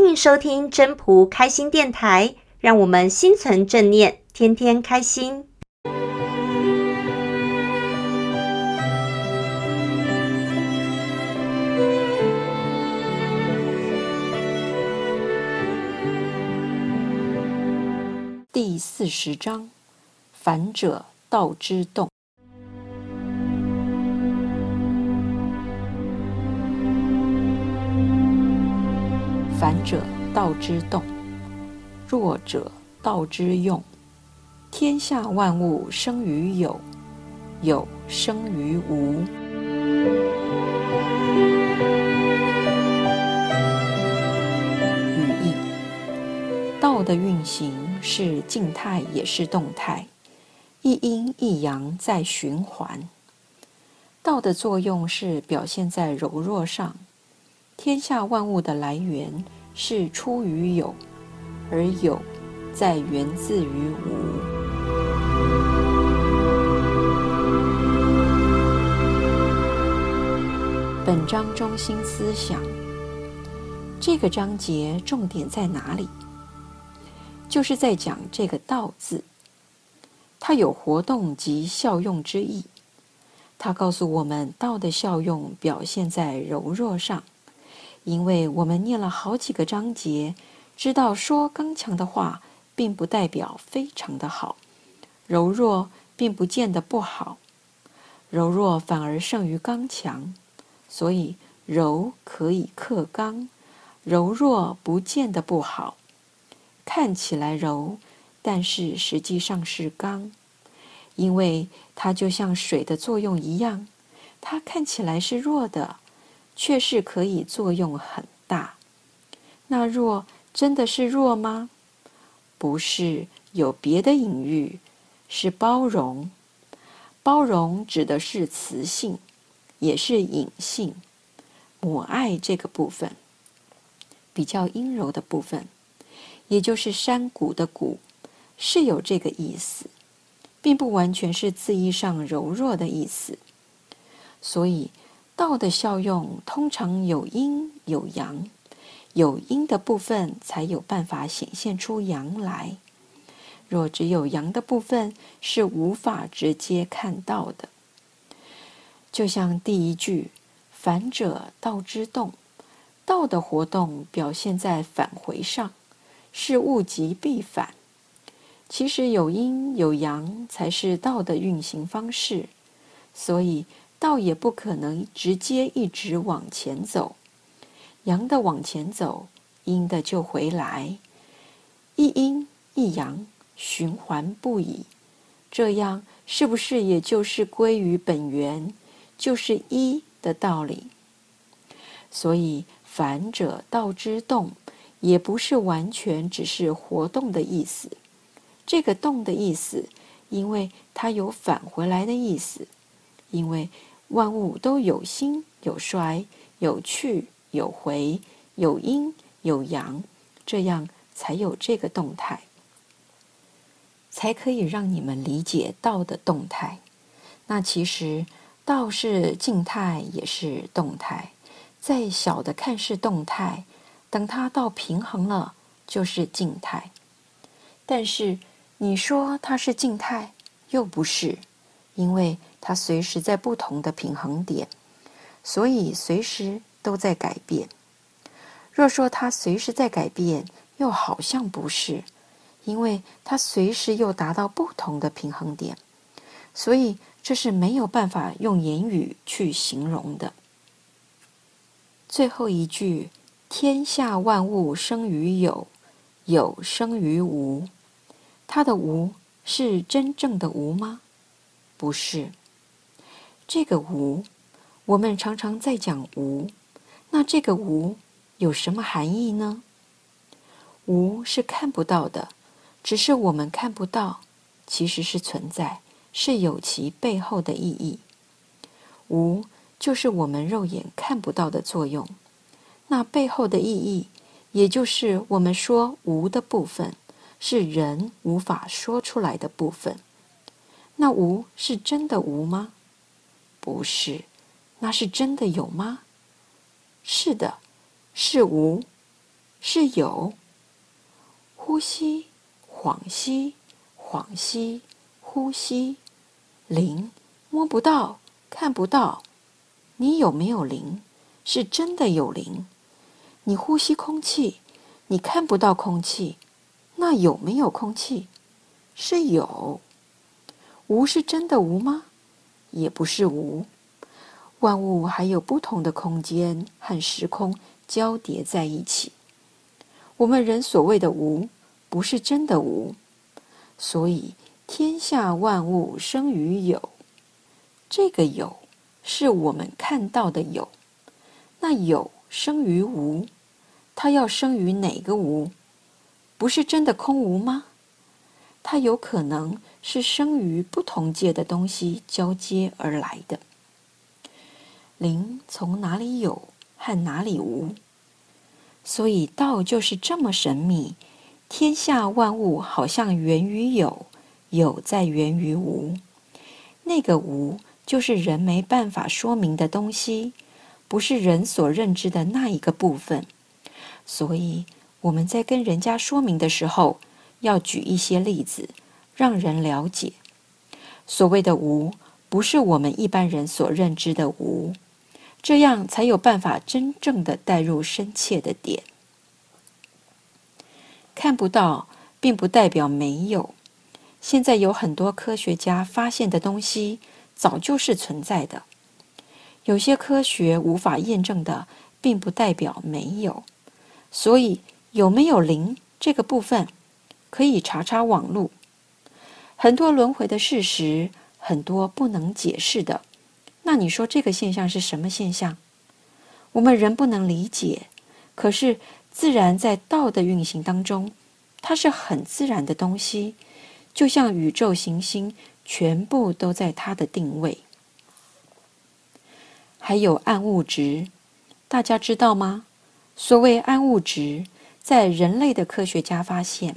歡迎收聽真樸開心電台，讓我們心存正念，天天開心。第四十章：反者道之動。反者道之動，弱者道之用。天下萬物生於有，有生於無。語義：道的運行是靜態也是動態，一陰一陽在循環。道的作用是表現在柔弱上，天下萬物的來源。是出於有，而有在源自於無。本章中心思想，這個章節重點在哪裡？就是在講這個“道”字，它有活動及效用之意。它告訴我們，道的效用表現在柔弱上。因為我們念了好幾個章節，知道說剛強的話，並不代表非常的好，柔弱並不見得不好，柔弱反而勝於剛強，所以柔可以克剛，柔弱不見得不好，看起來柔，但是實際上是剛，因為它就像水的作用一樣，它看起來是弱的。卻是可以作用很大。那弱真的是弱嗎？不是，有別的隱喻，是包容。包容指的是雌性，也是隱性母愛這個部分，比較陰柔的部分，也就是山谷的谷，是有這個意思，並不完全是字義上柔弱的意思，所以。道的效用通常有陰有陽，有陰的部分才有辦法顯現出陽來。若只有陽的部分，是無法直接看到的。就像第一句“反者道之動”，道的活動表現在返回上，是物極必反。其實有陰有陽才是道的運行方式，所以。道也不可能直接一直往前走，陽的往前走，陰的就回來，一陰一陽循環不已。這樣是不是也就是歸於本源，就是一的道理？所以“反者道之動”也不是完全只是活動的意思，這個“動”的意思，因為它有返回來的意思，因為。萬物都有興有衰，有去有回，有陰，有陰，有陽，這樣才有這個動態，才可以讓你們理解道的動態。那其實道是靜態，也是動態。再小的看是動態，等它到平衡了就是靜態。但是你說它是靜態，又不是，因為。它隨時在不同的平衡點，所以隨時都在改變。若說它隨時在改變，又好像不是，因為它隨時又達到不同的平衡點，所以這是沒有辦法用言語去形容的。最後一句，天下萬物生於有，有生於無。它的無是真正的無嗎？不是。這個無，我們常常在講無。那這個無有什麼含義呢？無是看不到的，只是我們看不到，其實是存在，是有其背後的意義。無就是我們肉眼看不到的作用。那背後的意義，也就是我們說無的部分，是人無法說出來的部分。那無是真的無嗎？不是，那是真的有嗎？是的，是無，是有。呼吸，恍兮恍兮，呼吸。靈摸不到，看不到。你有沒有靈？是真的有靈。你呼吸空氣，你看不到空氣，那有沒有空氣？是有。無是真的無嗎？也不是無，萬物還有不同的空間和時空交疊在一起。我們人所謂的無，不是真的無。所以，天下萬物生於有，這個有是我們看到的有。那有生於無，它要生於哪個無？不是真的空無嗎？它有可能是生於不同界的、東西交接而來的。靈從哪裡有，和哪裡無。所以道就是這麼神秘。天下萬物好像源於有，有在源於無。那個無就是人沒辦法說明的東西，不是人所認知的那一個部分。所以我們在跟人家說明的時候。要舉一些例子，讓人了解所謂的“無”不是我們一般人所認知的“無”，這樣才有辦法真正的帶入深切的點。看不到，並不代表沒有。現在有很多科學家發現的東西，早就是存在的。有些科學無法驗證的，並不代表沒有。所以，有沒有靈這個部分？可以查查網路，很多輪迴的事實，很多不能解釋的。那你說這個現象是什麼現象？我們仍不能理解。可是自然在道的運行當中，它是很自然的東西，就像宇宙行星全部都在它的定位。還有暗物質，大家知道嗎？所謂暗物質，在人類的科學家發現。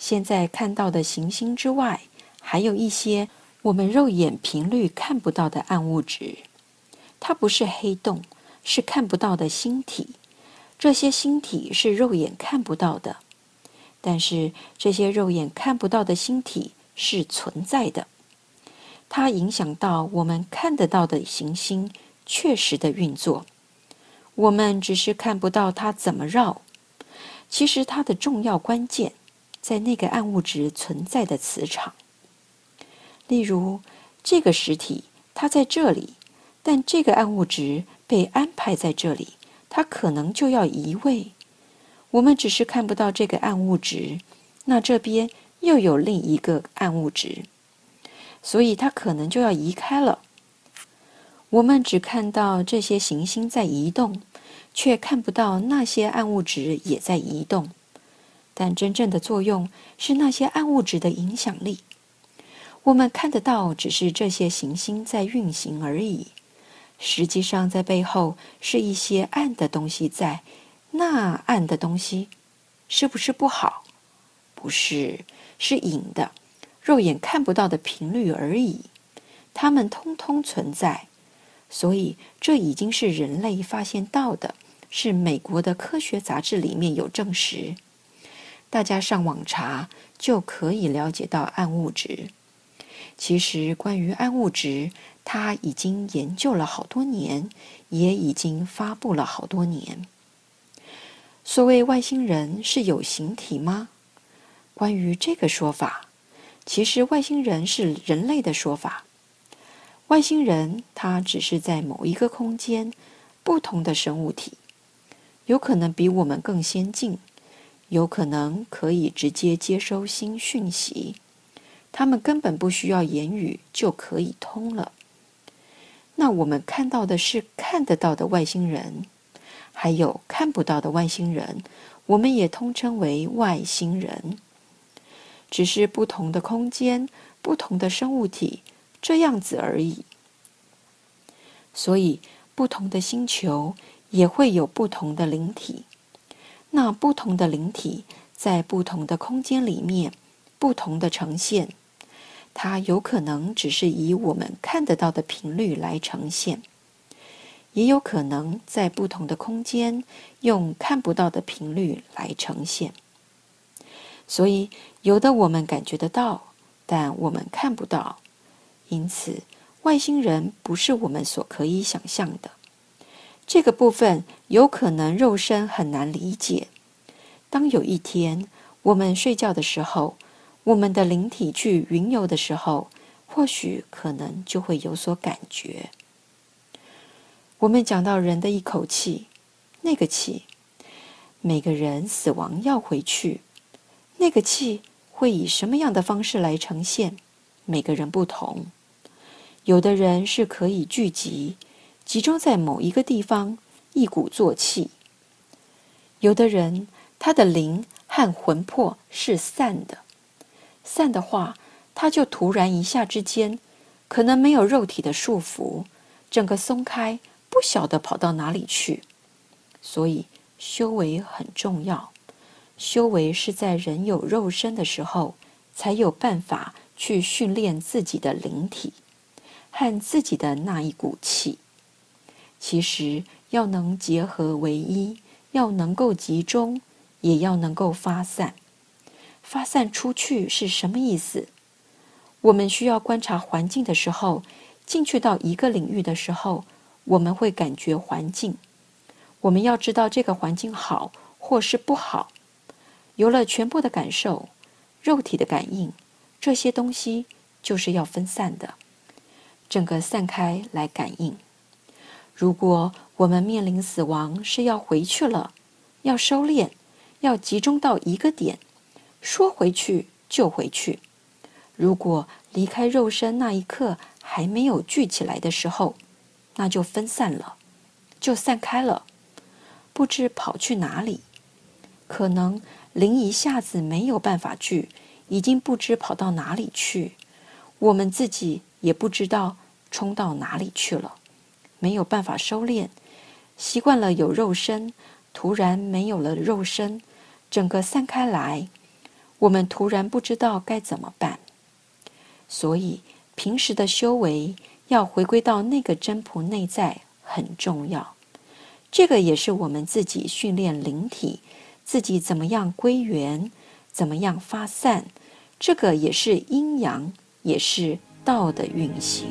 現在看到的行星之外，還有一些我們肉眼頻率看不到的暗物質。它不是黑洞，是看不到的星體。這些星體是肉眼看不到的，但是這些肉眼看不到的星體是存在的。它影響到我們看得到的行星確實的運作。我們只是看不到它怎麼繞，其實它的重要關鍵，在那個暗物質存在的磁場，例如這個實體，它在這裡，但這個暗物質被安排在這裡，它可能就要移位。我們只是看不到這個暗物質，那這邊又有另一個暗物質，所以它可能就要移開了。我們只看到這些行星在移動，卻看不到那些暗物質也在移動。但真正的作用是那些暗物質的影響力。我們看得到，只是這些行星在運行而已。實際上，在背後是一些暗的東西在。那暗的東西，是不是不好？不是，是隱的，肉眼看不到的頻率而已。它們通通存在。所以，這已經是人類發現到的，是美國的科學雜誌裡面有證實。大家上網查就可以了解到暗物質。其實關於暗物質，它已經研究了好多年，也已經發布了好多年。所謂外星人是有形體嗎？關於這個說法，其實外星人是人類的說法。外星人他只是在某一個空間不同的生物體，有可能比我們更先進。有可能可以直接接收新訊息，他們根本不需要言語就可以通了。那我們看到的是看得到的外星人，還有看不到的外星人，我們也通稱為外星人，只是不同的空間、不同的生物體這樣子而已。所以，不同的星球也會有不同的靈體。那不同的靈體在不同的空間裡面，不同的呈現，它有可能只是以我們看得到的頻率來呈現，也有可能在不同的空間用看不到的頻率來呈現。所以，有的我們感覺得到，但我們看不到。因此，外星人不是我們所可以想象的。這個部分有可能肉身很難理解。當有一天我們睡覺的時候，我們的靈體去雲遊的時候，或許可能就會有所感覺。我們講到人的一口氣，那個氣，每個人死亡要回去，那個氣會以什麼樣的方式來呈現？每個人不同，有的人是可以聚集。集中在某一個地方，一鼓作氣。有的人，他的靈和魂魄是散的，散的話，他就突然一下之間，可能沒有肉體的束縛，整個鬆開，不曉得跑到哪裡去。所以，修為很重要。修為是在人有肉身的時候，才有辦法去訓練自己的靈體和自己的那一股氣。其實要能結合為一，要能夠集中，也要能夠發散。發散出去是什麼意思？我們需要觀察環境的時候，進去到一個領域的時候，我們會感覺環境。我們要知道這個環境好或是不好。有了全部的感受、肉體的感應，這些東西就是要分散的，整個散開來感應。如果我們面臨死亡，是要回去了，要收斂，要集中到一個點，說回去就回去。如果離開肉身那一刻還沒有聚起來的時候，那就分散了，就散開了，不知跑去哪裡。可能靈一下子沒有辦法聚，已經不知跑到哪裡去，我們自己也不知道衝到哪裡去了。沒有辦法收斂，習慣了有肉身，突然沒有了肉身，整個散開來，我們突然不知道該怎麼辦。所以平時的修為要回歸到那個真樸內在很重要。這個也是我們自己訓練靈體，自己怎麼樣歸元，怎麼樣發散，這個也是陰陽，也是道的運行。